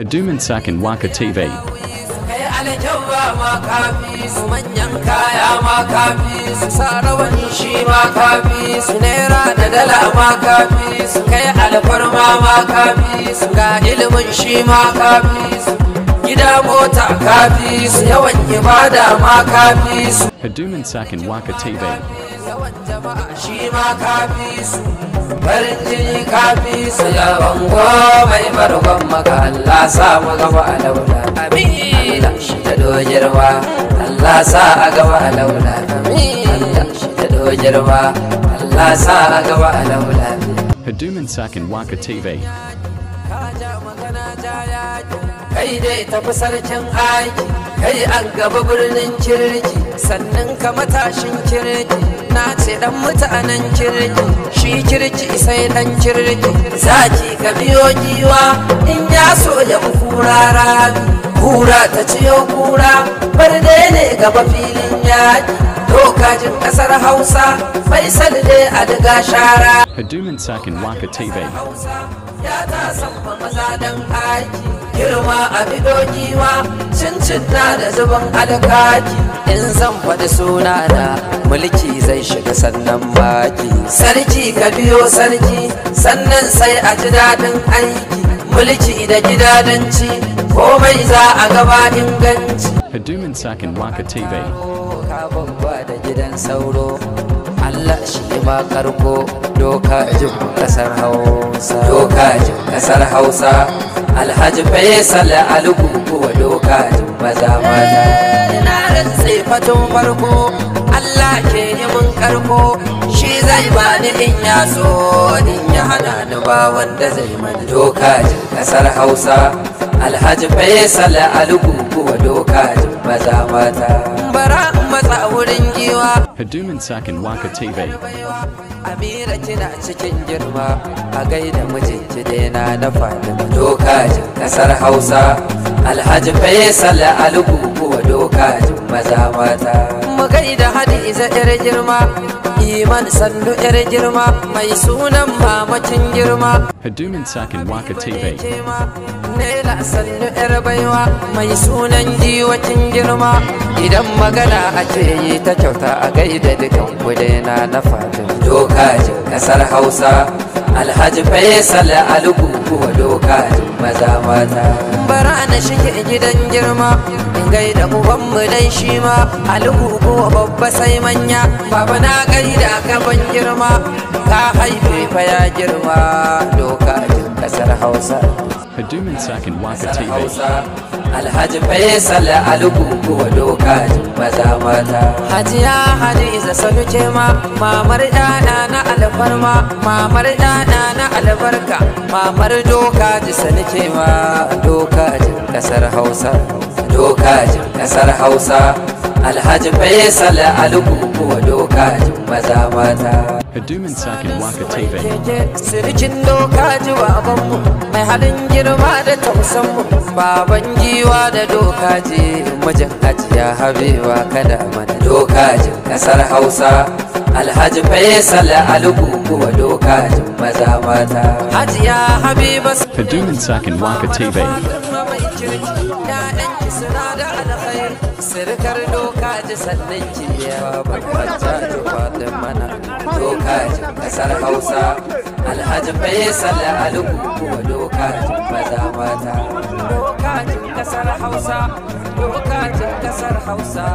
Aduman Sak and Waka TV. Haduman Sak and Waka TV. shi ma kafi su farin jini fi su yawan mai marwan gaba a laula shi ta gaba a laula shi ta dojirwa Allah sa a gaba a laula Waka TV kai dai tafi sarkin aiki kai an gaba birnin kirki sannan ka matashin kirki na ce dan mutanen kirki shi kirki sai dan kirki zaki ga biyo giwa in ya so ya kura rabi kura ta ciyo kura bar ne gaba filin yaƙi lokacin kasar hausa faisal ne a daga shara hadumin sakin waka tv ya ta samma maza don haji girma a bidogiwa cincin na da zuban alkaji in zan faɗi suna na mulki zai shiga sannan baki sarki ka biyo sarki sannan sai a ji daɗin aiki mulki da gidadanci komai za a gaba inganci Hadumin Sakin Waka TV doka babba da gidan sauro Allah shi ma karko doka jin kasar Hausa doka jin kasar Hausa Alhaji Faisal Alugu kuwa doka jin maza ina sai fatun farko Allah ke yi mun karko shi zai bani in ya so din ya hada ni ba wanda zai mana doka jin kasar Hausa alhaji faisal wa doka maza mata bara matsa wurin giwa hadumin sakin waka tv amira kina cikin girma a gaida mijinki daina na fadin doka kasar hausa alhaji faisal wa doka maza mata mu gaida hadi isa yar girma iman sandu yar girma mai sunan mamacin girma hadumin sakin waka tv nela sandu yar baiwa mai sunan jiwacin girma idan magana a ce yi ta kyauta a gaida dukan kudina na fatin dokajin kasar hausa alhaji faisal alukuku wa dokajin maza mata bara na shige gidan girma in uban mu dan shi ma alukuku wa babba sai manya baba na gaida da gaban girma ka haife fa ya girma doka jin kasar hausa Hadumin Sakin Waka TV Alhaji Faisal Alukuku wa doka jin maza mata Hajiya sanu ce ma mamar dana na alfarma mamar dana na albarka mamar doka ji ce ma doka jin kasar Hausa doka jin kasar Hausa Alhaji Faisal Alkukuwa dokajin maza mata. Hadumin Sakin Waka TV. Sirkin dokaji abanmu mai halin girma da tausanmu baban giwa da dokaji mijin aji. ya habiba kada mana dokajin kasar hausa alhaji faisal wa dokajin maza mata hajiya habiba kadumin sakin waka tv sirkar doka ji sannan kimiya babbanta da fatan mana doka ji kasar hausa alhaji faisal alkukuwa wa dokajin maza mata dokokin kasar hausa dokokin kasar hausa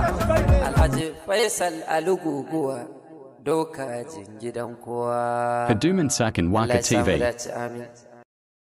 alhaji faisal aluguguwa dokajin gidan kowa Haduman Sakin Waka TV.